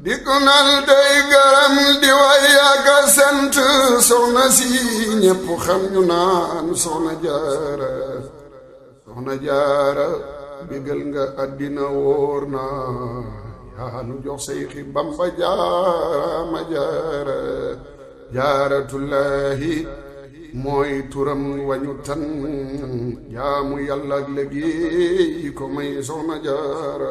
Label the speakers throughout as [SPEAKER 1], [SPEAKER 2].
[SPEAKER 1] di gunal day garam di way ak sant soxna si ñépp xam ñu naan soxna jaara soxna jaara bégal nga àddina wóor na yaa nu jox say xi bamba jaara ma jaara jaaratullaahi mooy turam wañu tan jaamu yàlla ak may soxna jaara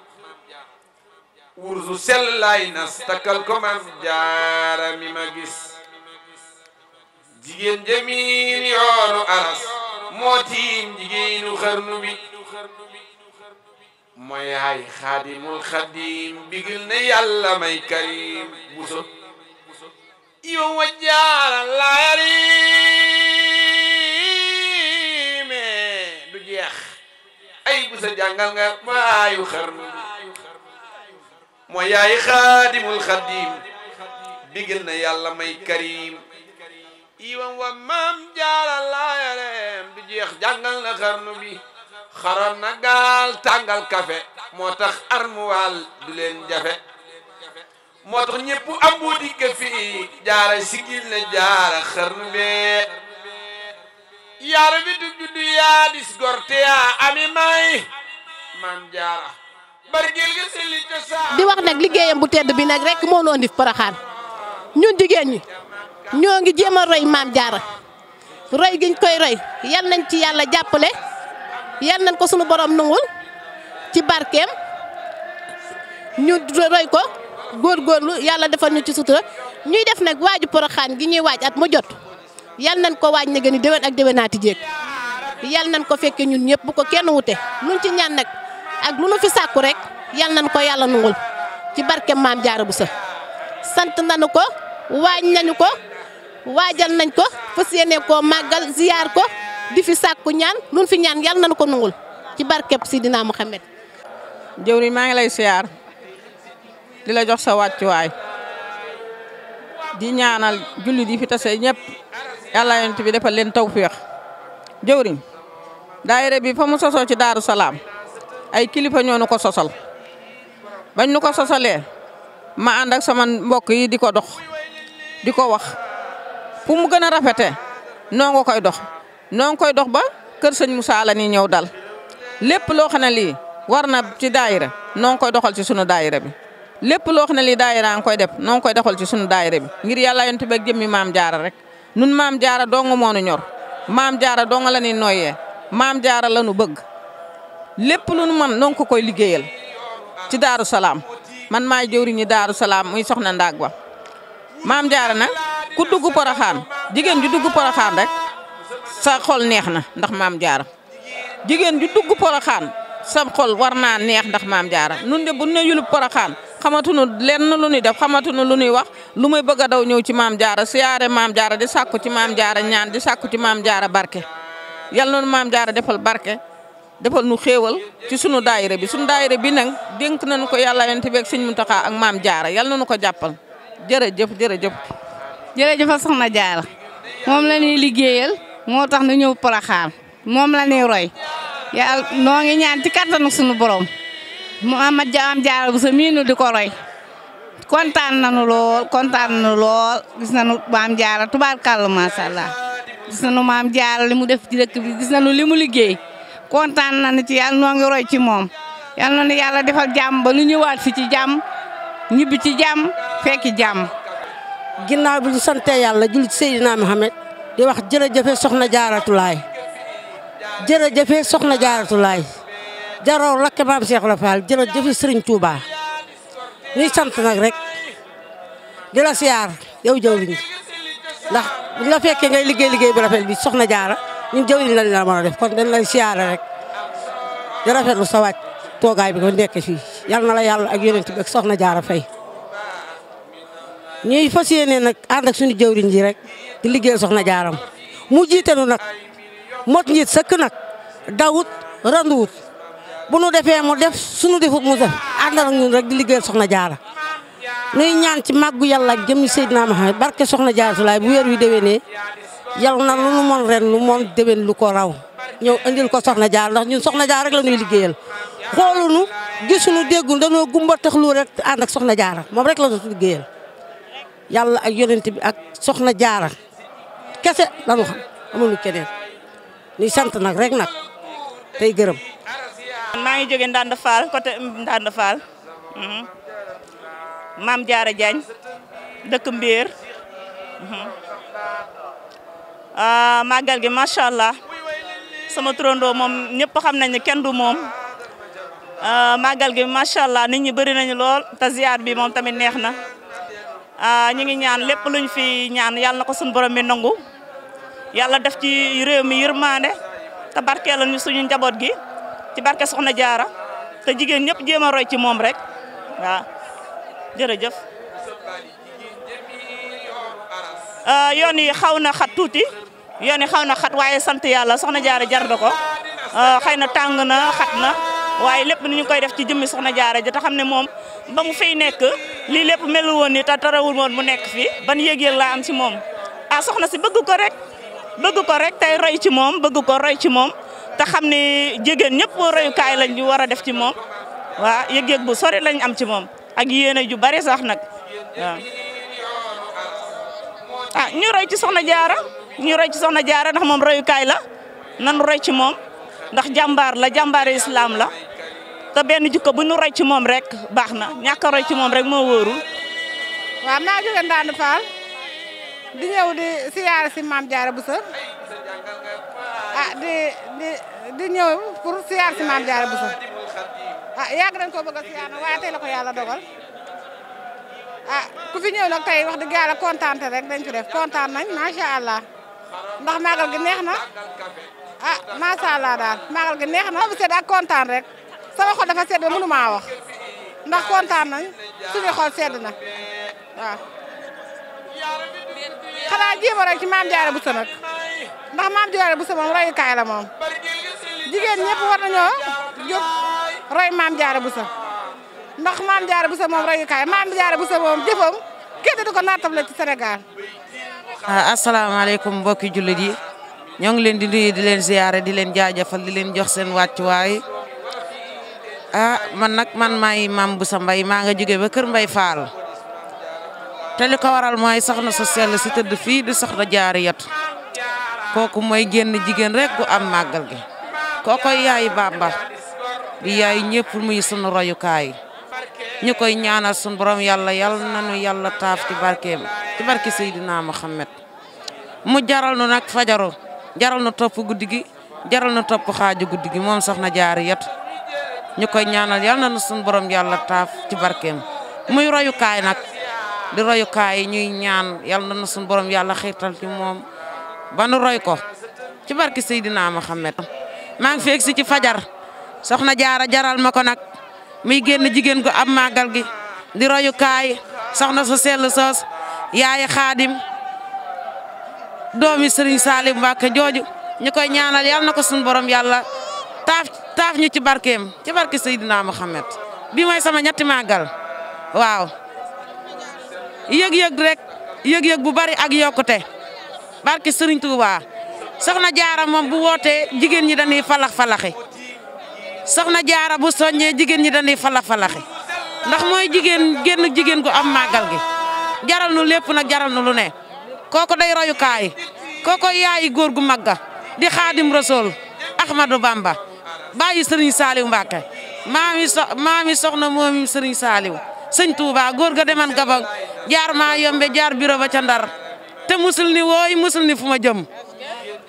[SPEAKER 1] wursu sellaay nas takkal ko man jaara mi ma gis jigéen jamiin yoonu aras moo tiim jigéenu xarnu bi mooy yaay xaadimul xadim bigil na yàlla may karim buso yow wa jaara laa yariime du jeex ay busa jàngal nga maayu xarnu bi moo yaay xaadimul xadim bigil na yàlla may karim iwam wa maam jaara laayareem bi jeex jàngal na xarnu bi xaran na gaal tàngal kafe moo tax armuwaal du jafe moo tax ñëpp ambu dikk fii jaara sigil na jaara xarnu bee yaara bi juddu yaa gorte yaa ami may maam jaara
[SPEAKER 2] di wax nag liggéeyam bu tedd bi nag rek moo noo ndif Porokhane ñun jigéen ñi ñoo ngi jéem a roy maam jaara roy giñ koy roy yal nañ ci yàlla jàppale yal nañ ko sunu borom nungul ci barkeem ñu roy ko góor góorgóorlu yàlla defal ñu ci sutura ñuy def nag waaju Porokhane gi ñuy waaj at mu jot yal nañ ko waaj na gën a ak déwénaati jéeg yal nañ ko fekke ñun ñëpp bu ko kenn wute luñ ci ñaan nag. ak lu nu fi sàkku rek yal nañu ko yàlla nungul ci barke maam jaara bu sa sant nanu ko waaj nañu ko waajal nañ ko fas yéene koo màggal ziyaar ko di fi sàkku ñaan lu nu fi ñaan yal nañu ko nungul ci barkeb Sidina Muhammad jëwriñ maa ngi lay siyaar di la jox sa wàccuwaay
[SPEAKER 3] di ñaanal jullit yi fi tase ñëpp yàlla yonent bi defal leen tawféex jëwriñ daayira bi fa mu sosoo ci Daaru Salaam ay kilifa ñoo nu ko sosal bañ nu ko sosalee ma ànd ak sama mbokk yi di ko dox di ko wax fu mu gën a rafetee noo nga koy dox noo ngi koy dox ba kër sëñ Moussa la ni ñëw dal lépp loo xam ne lii war na ci daayira noo koy doxal ci sunu daayira bi lépp loo xam ne lii daayira nga koy def noo ngi koy doxal ci sunu daayira bi ngir yàlla yonent bi ak jëmmi maam jaara rek nun maam jaara dong moo nu ñor maam jaara dong la ni noyyee maam jaara la nu bëgg lépp lu nu man noo ko koy liggéeyal ci daaru salaam man maay jëwriñu daaru salaam muy soxna ndaag ba maam jaara nag ku dugg poroxaan jigéen ju dugg poroxaan rek sa xol neex na ndax maam jaara jigéen ju dugg poroxaan sa xol war naa neex ndax maam jaara nun de bu ne yulub poroxaan xamatunu lenn lu nuy def xamatunu lu nuy wax lu may bëgg a daw ñëw ci maam jaara siyaare maam jaara di sàkku ci maam jaara ñaan di sàkku ci maam jaara barke yal noonu maam jaara defal barke defal nu xéewal ci sunu daayira bi sunu daayira bi nag dénk nañu ko yàlla yonent bi ak sëñ Muntaxa ak maam jaara yal nañu ko jàppal
[SPEAKER 4] jërëjëf jërëjëf. jërëjëf soxna jaara moom la ñuy liggéeyal moo tax nu ñëw Porokhane moom la ñuy roy yàlla noo ngi ñaan ci kattanu sunu borom mu ama jaam jaara bu sa miinu di ko roy. kontaan nañu lool kontaan nañu lool gis nañu maam jaara tubaarkàlla macha allah gis nañu maam jaara li mu def ci dëkk bi gis nañu li mu liggéey. kontaan na nañu ci yàlla noo ngi roy ci moom yal na nu yàlla defal jàmm ba lu ñëwaat fi ci jàmm ñibbi ci jàmm fekk jàmm.
[SPEAKER 5] ginnaaw bi ñu sante yàlla julli ci Seydina Mohamed di wax jërëjëfe soxna jaaratulaay jëfe soxna jaaratulaay jaroo lakke maam Cheikh la Fall jërëjëfe Serigne Touba ñuy sant nag rek di la siyaar yow jawriñ ndax bu la fekkee ngay liggéey liggéey bu rafet bi soxna jaara ñun jëwriñ lañ la mën a def kon dañ lay siyaare rek di rafetlu sa waaj toogaay bi nga nekk fii yal na la yàlla ak yonent bi ak soxna Jaara Fay ñuy fas yéene nag ànd ak suñu jëwriñ ji rek di liggéeyal soxna jaaram mu jiite nu nag mot njiit sëkk nag dawut randuwut bu nu defee mu def sunu defut mu def àndal ak ñun rek di liggéeyal soxna jaara nuy ñaan ci màggu yàlla ak naa Seydina Muhammad barke soxna Jaara Sulaay bu weer wi déwénee yal na lu nu moon ren lu moon déwén lu ko raw ñëw indil ko soxna jaar ndax ñu soxna jaar rek la ñuy liggéeyal xoolunu gisuñu dégguñu dañoo gumba tax lu rek ànd ak soxna jaara moom rek la ak yonent bi ak soxna jaara kese lañu xam amuñu keneen ñuy sant nag rek nag tey gërëm
[SPEAKER 4] maa ngi jóge Ndanda Fall côté Ndanda mhm. maam jaara Diagne dëkk Mbeer mhm. Ah, màggal gi macha allah sama turandoo moom ñëpp xam nañ ne kenn du moom ah, màggal gi macha allah nit ñi bëri nañu lool te ziar bi moom tamit neex na ah, ñu ngi ñaan lépp luñ fi ñaan yàlla na ko suñu borom bi nangu yàlla def ci réew mi yir yërmande te barkeelal ñu suñu njaboot gi ci barke Soxna Jaara te jigéen ñëpp jéem a roy ci moom rek waaw jërëjëf. Euh, yoon yi xaw na xat tuuti yoon yi xaw na xat waaye sant yàlla soxna jaara jar na ko euh, xëy na tàng na xat na waaye lépp ni ñu koy def ci jëmmi soxna jaara ji ta xam ne moom ba mu fiy nekk lii lépp melu woon ni te tarawul woon mu nekk fi ban yëg-yëg laa am ci moom a ah, soxna si bëgg ko rek bëgg ko rek tey roy ci moom bëgg ko roy ci moom te xam ne jigéen ñëpp royukaay lañ ñu war a def ci moom waa yëg-yëg bu sori lañ am ci moom ak yéene ju bari sax nag ah ñu roy soxna jaara ñu roy ci soxna ndax moom royukaay la nanu roy ci moom ndax jàmbaar la jàmbaare islam la te benn jikko bu ñu roy ci moom rek baax na ñàkk roy ci moom rek moo wóorul.
[SPEAKER 6] waaw maa jóge Ndande Fall di ñëw di siyaare si maam Diarra Bousso ah di di di ñëw pour siyaare si maam Diarra Bousso ah yàgg nañ ko bëgg a siyaare waaye tey la ko yàlla dogal. ah ku fi ñëw nag tey wax dëgg yàlla kontaante rek dañ fi def kontaan nañ macha allah ndax màggal gi neex na
[SPEAKER 1] ah macha allah daal màggal gi neex na.
[SPEAKER 6] bu sedd ak kontaan rek sama xol dafa sedd mënu maa wax ndax kontaan nañ suñu xol sedd na waaw xanaa jéema rek ci maam jaare bu sa nag ndax maam jaare bu moom royukaay la moom jigéen ñëpp war nañoo jóg roy maam jaare bu sa ndax maam jaara bu sa moom royukaay maam jaara bu sa moom jëfam kenn du ko naatam la ci Sénégal.
[SPEAKER 7] Ah, asalaamaaleykum mbokki jullit yi ñoo ngi leen di nuyu di leen ziyaare di leen jaajëfal di leen jox seen wàccuwaay ah man nag man maay maam bu sa mbay maa nga jóge ba kër mbay faal te li ko waral mooy soxna su sell si tëdd fii di soxna jaariyat kooku mooy génn jigéen rek am màggal gi kookoy yaayu bàmba di yaay ñëpp muy sunu royukaay ñu koy ñaanal sun borom yàlla yàlla nañu yàlla taaf ci barkeem ci barke Seydina Mohamed mu jaral nu nag fajaru jaral nu topp guddi gi jaral nu topp xaaju guddi gi moom soxna Jaariyatu ñu koy ñaanal yàlla nañu sun borom yàlla taaf ci barkeem muy royukaay nag di royukaay ñuy ñaan yàlla nañu sun borom yàlla xiirtal ci moom ba nu roy ko ci barke Seydina Mohamed. maa ngi si ci fajar soxna jaara jaral ma ko nag. muy génn jigéen gu ab màggal gi di royukaay soxna su sell soos yaay xaadim doomi sëriñ Salim Mbacke jooju ñu koy ñaanal yal na ko suñu borom yàlla taaf taaf ñu ci barkeem ci barke Seydina Mohamed bi mooy sama ñetti màggal waaw yëg-yëg rek yëg-yëg bu bari ak yokkute barke Serigne Touba soxna Jaara moom bu woote jigéen ñi dañuy falax falaxi soxna jaara bu soññee jigéen ñi dañuy fala-falaxe ndax mooy jigéen génn jigéen gu am màggal gi jaral nu lépp nag jaral nu lu ne kooku day royukaay kooku yaayi góor gu magga di xaadim rasool ahmadou bamba bàyyi sëriñ saaliw mbàkke maami so maami soxna moomi sëriñ saaliw sëñ tuuba góor ga deman gaba jaar maa yombe jaar biro ba ca ndar te musul ni wooy musul ni fu ma jëm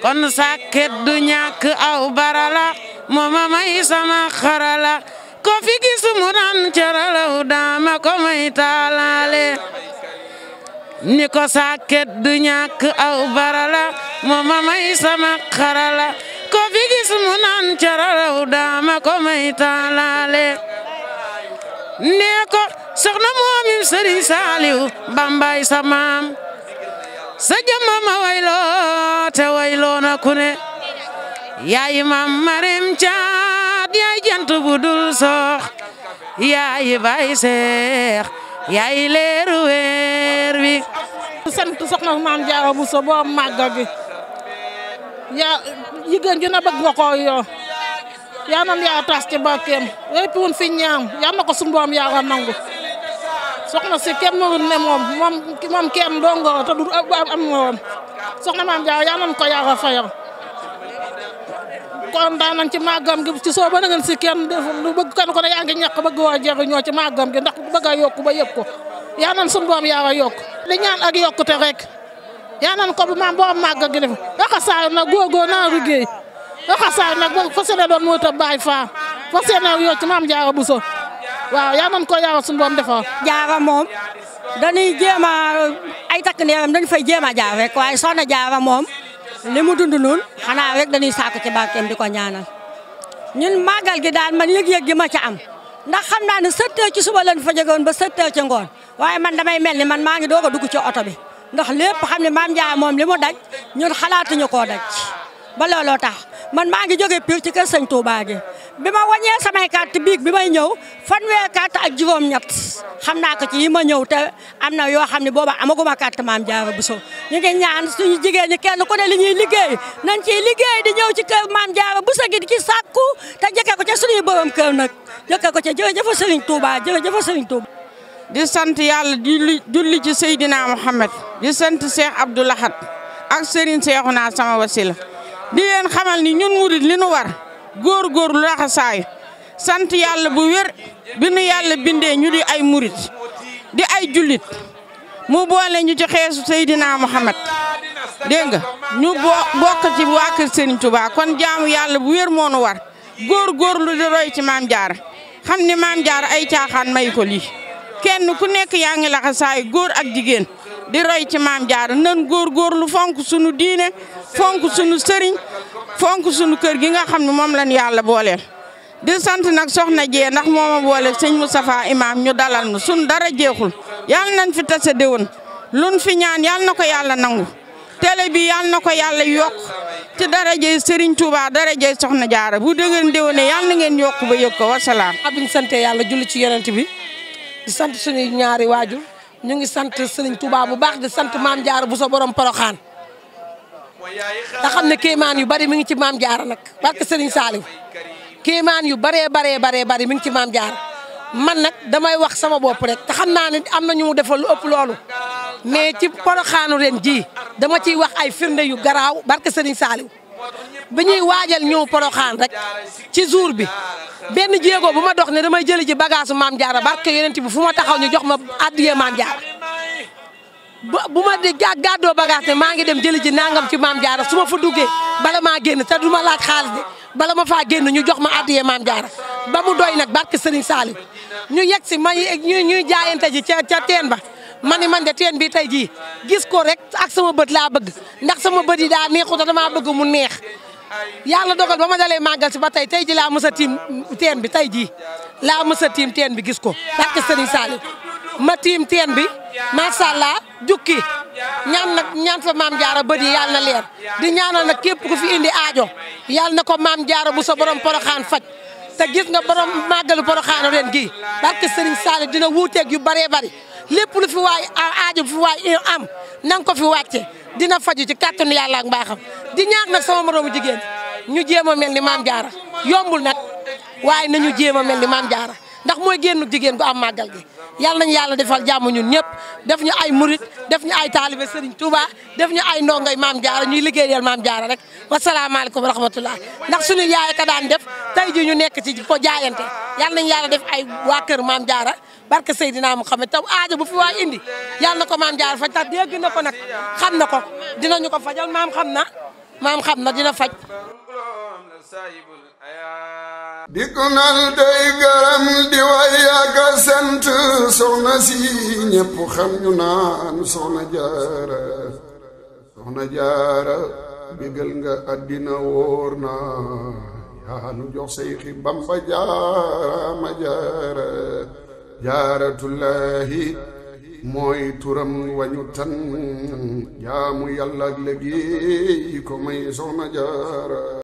[SPEAKER 7] kon sàkket du ñàkk aw barala mooma may sama xarala ko fi gis mu naan caralaw daama ko may taalaale ni ko sàkket du ñàkk aw barala mooma may sama xarala ko fi gis mu naan caralaw daama ko may taalaale nee ko soxna moomim sëriñ saaliw bambay sa maam sa jëmma ma wayloo te wayloona ku ne yaayi mam marim caat yaay jant bu dul soox yaayi bay seex yaayi leeru weer
[SPEAKER 2] wi sant soxna maam jaara buso boo màgga gi yaa jigéen ju na bëgg nga ko yoo na si kenn mënul ne moom moom moom kenn dongoo te du am moom soxna maam jaara yaa nan ko yaa ko kon daan ci màggam gi ci soo ba na ngeen si kenn bëgg kan ko ne yaa ngi ñàkk bëgg waa jeexi ñoo ci màggam gi ndax bëgg a yokku ba yëpp ko yaa nan suñu doom yaa wa yokk li ñaan ak yokkute rek yaa nan ko bu maam boo màgg gi def waxa na nag góogóo naa liggéey waxa saayu nag boo fas yéene doon moyta baay faa fas yéene yoo ci maam jaara buso waaw yaa nan ko yaa wa suñu doom defar jaara moom dañuy jéem a
[SPEAKER 5] ay takk neeram a jaar rek waaye soxna jaara moom li mu dund noonu xanaa rek dañuy sàkk ci barkeem di ko ñaanal ñun màggal gi daal man yëg-yëg gi ma ca am ndax xam naa ne sept ci suba lañ fa jógoon ba sept heures ci ngoon waaye man damay mel ni man maa ngi doog a dugg ci oto bi ndax lépp xam ne maam Ndiaye moom li mu daj ñun xalaatuñu koo daj ba looloo tax man maa ngi jógee Pire ci kër sëñ Touba gi bi ma wàññee samay carte biig bi may fan fanweeri carte ak juróom ñett xam naa ko ci yi ma ñëw te am na yoo xam ne booba amaguma carte maam Jaara Bousso ñu ngi ñaan suñu jigéen ñi kenn ko ne li ñuy liggéey nañ ciy liggéey di ñëw ci kër maam Jaara Bousso gi di ci sàkku te jëkkee ko ca suñuy borom kër nag jëkkee ko ca jërëjëf Serigne Touba jërëjëf Serigne Touba. di sant yàlla di julli ci Seydina
[SPEAKER 6] Mohamed di sant Cheikh Abdou Lahad ak Serigne Cheikhouna sama wasila di leen góor-góor lu laxasaayu sant yàlla bu wér bi nu yàlla bindee ñu di ay murit di ay jullit mu boole ñu ci xeesu Seydina Muhammad dégg nga ñu bokk ci waa kër Serigne kon jaamu yàlla bu wér moo nu war góor-góor lu di roy ci maam Jaara xam ni maam Jaara ay caaxaan may ko lii kenn ku nekk yaa ngi laxasaayu góor ak jigéen. di roy ci maam jaar nan góor góorgóorlu fonk sunu diine fonk sunu sëriñ fonk sunu kër gi nga xam ne moom lañ yàlla booleel. di sant nag soxna jee ndax moo ma booleel sëñ Moustapha Imaam ñu dalal nu sunu dara jeexul yàlla nañ fi tase déwén luñ fi ñaan yàlla na ko yàlla nangu. télé bi yàlla na ko yàlla yokk ci darajey Serigne Touba darajey Soxna Jaara bu dëgër ndéwéne yàlla na ngeen yokk ba yëg ko wasalaam. a bi ñu
[SPEAKER 2] sant yàlla julli ci yonent bi di sant suñuy ñaari waajur ñu ngi sant Serigne Touba bu baax di sant maam Diarra bu sa borom Poroxaan nga xam ne kéemaan yu bari mi ngi ci maam Diarra nag barke Serigne Saliou kéemaan yu baree baree baree bari mi ngi ci maam Diarra man nag damay wax sama bopp rek te xam naa ne am na ñu mu defal lu ëpp loolu mais ci xaanu ren jii dama ciy wax ay firnde yu garaaw barke Serigne Saliou bi ñuy waajal ñëw poroxaan rek ci jour bi benn jéego bu ma dox ne damay jëli ci bagage maam jaara barke yonent bi fu ma taxaw ñu jox ma addiyee maam jaara bu ma di gàddoo bagage ne maa ngi dem jëli ji nangam ci maam jaara su ma fa duggee bala maa génn te du ma laaj xaalis de bala ma faa génn ñu jox ma addiyee maam jaara ba mu doy nag barke Serigne Saliou ñu yegg si ma ñu ñuy jaayante ji ca ca teen ba ma ni man teen bi tey jii gis ko rek ak sama bët laa bëgg ndax sama bët yi daa neexu te damaa bëgg mu neex yàlla dogal ba ma dalee màggal si ba tey tey ji laa mës a tiim teen bi tey jii laa mës tiim teen bi gis ko barke Sëriñ Saliou ma tiim teen bi macha allah jukki ñaan nag ñaan fa maam jaara bët yi na leer di ñaanal nag képp ku fi indi aajo yàlla na ko maam jaara bu sa borom poroxaan faj te gis nga borom màggalu a ren gi barke Sëriñ Saliou dina wuuteeg yu bëree bëri lépp lu fi waay aajo bu fi waay am na ko fi wàcce dina faju ci kàttanu yàlla ak baaxam di ñaax nag sama moroomu jigéen ñu jéem a mel ni maam jaara yombul nag waaye nañu jéem a mel ni maam jaara ndax mooy génnu jigéen gu am màggal gi yàlla nañu yàlla def jàmm ñun ñëpp def ñu ay murit def ñu ay taalibe Serigne Touba def ñu ay ndongay maam jaara ñuy liggéeyal maam jaara rek wasalaamaaleykum wa rahmatullah ndax suñu yaay ka daan def tey ji ñu nekk ci ko jaayante yàlla nañu yàlla def ay waa kër maam jaara barke Seydina Muhammad taw aajo fi waa indi yàlla na ko maam jaar faj tax dégg na ko nag xam na ko dinañu ko fajal maam xam na maam xam na dina faj
[SPEAKER 1] di ko nal day garam di way ak sant soxna si ñëpp xam ñu naan soxna jaara soxna jaara bégal nga àddina wóor na yaa nu jox say xi bamba jaara ma jaara jaaratullahi mooy turam wañu tan jaamu yàlla ak léegi ko may soxna jaara